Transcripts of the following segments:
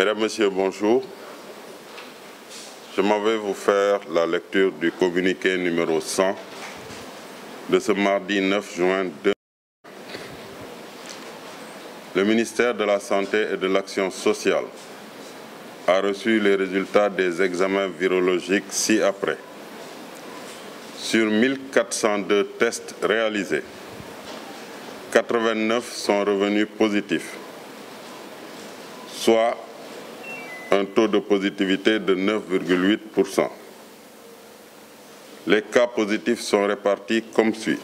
Mesdames, Messieurs, bonjour. Je m'en la lecture du communiqué numéro 100 de ce mardi 9 juin 2020. ministère de la Santé de l'Action sociale a les résultats des examens virologiques ci-après. Sur 1402 tests réalisés, 89 sont revenus positifs, soit un taux de positivité de 9,8 pour cent. Les cas positifs sont répartis comme suit.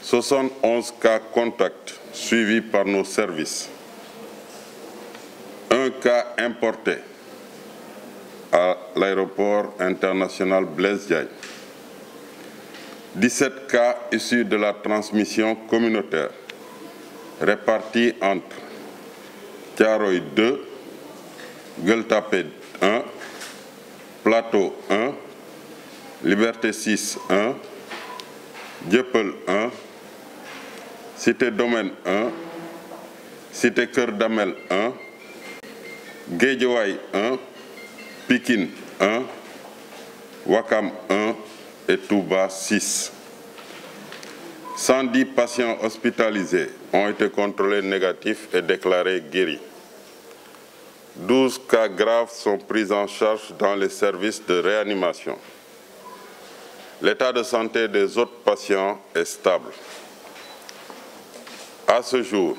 71 cas contacts suivis par nos services. Un cas importé à l'aéroport international Blaise Diagne. 17 cas issus de la transmission communautaire répartis entre Gueule Tapée 1 Plateau 1 Liberté 6 1 Dieuppeul 1 Cité Domaine 1 Cité Keur Damel 1 Guédiawaye 1 Pikine 1 Ouakam 1 et Touba 6 110 patients hospitalisés ont été contrôlés négatifs et déclarés guéris 12 cas graves sont pris en charge dans les services de réanimation. L'état de santé des autres patients est stable. À ce jour,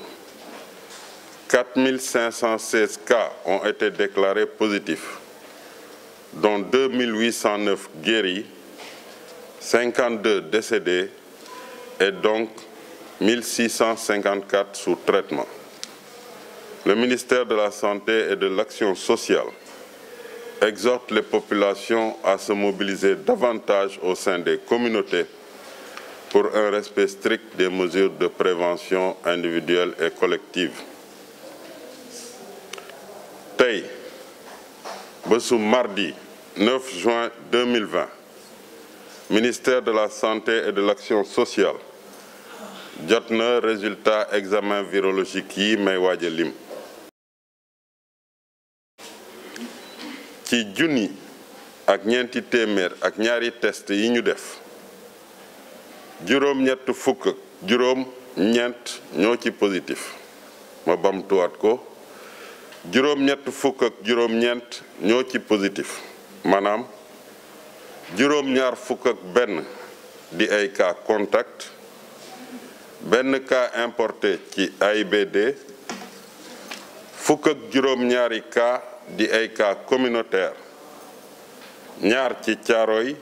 4516 cas ont été déclarés positifs, dont 2809 guéris, 52 décédés et donc 1654 sous traitement. Le ministère de la Santé et de l'Action sociale exhorte les populations à se mobiliser davantage au sein des communautés pour un respect strict des mesures de prévention individuelle et collective. tey bésu mardi 9 juin 2020 ministère de la santé et de l'action sociale jot na résultat examen virologique yi may waaj lim ci junni ak ñeenti téeméer ak ñaari test yi ñu def juróom-ñett fukk juróom ñeent ñoo ci positif ma bamtuwaat ko juróom ñoo ci positif maanaam juróom-ñaar fukk benn di ay cas contact benn kaa importé ci ay fukk ak juróom-ñaari cas di ay cas communautaire ñaar ci Thiaroye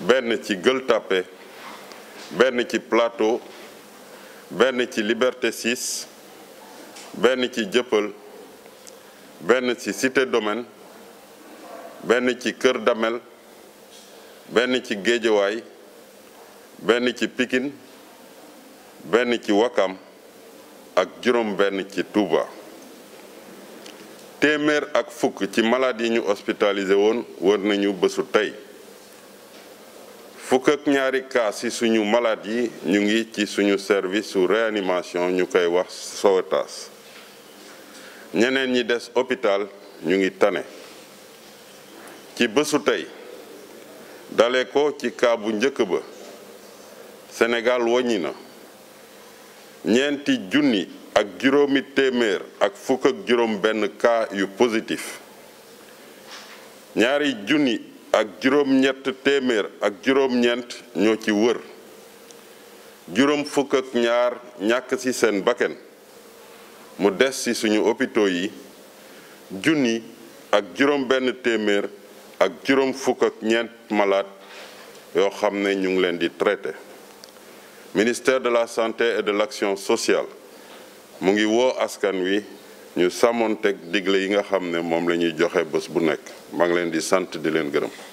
benn ci Gueule benn ci Plateau benn ci Liberté 6 benn ci jëppal benn ci Cité Domaine benn ci Kër Damel benn ci Géejawaay benn ci pikin benn ci Wakam ak juróom benn ci Touba téeméer ak fukk ci malade yi ñu hospitalisé woon wër nañu bésu tey fukk ak ñaari cas ci suñu malade yi ñu ngi ci suñu service su réanimation ñu koy wax taas ñeneen ñi des hôpital ñu ngi tane ci bésu tey dale ko ci cas njëkk ba Sénégal waññi na ñeenti junni ak juróomi téeméer ak fukk ak juróom benn cas yu positif ñaari junni ak juróom-ñett téeméer ak juróom-ñeent ñoo ci wër juróom fukk ak ñaar ñàkk ci seen bakken mu des ci suñu hôpitaux yi junni ak juróom benn téeméer ak juróom fukk ak ñeent malade yoo xam ne ñu ngi leen di traité ministère de la santé et de l'action sociale mu ngi woo askan wi ñu sàmmoon teg digle yi nga xam ne moom la ñuy joxe bés bu nekk maa ngi leen di sant di leen gërëm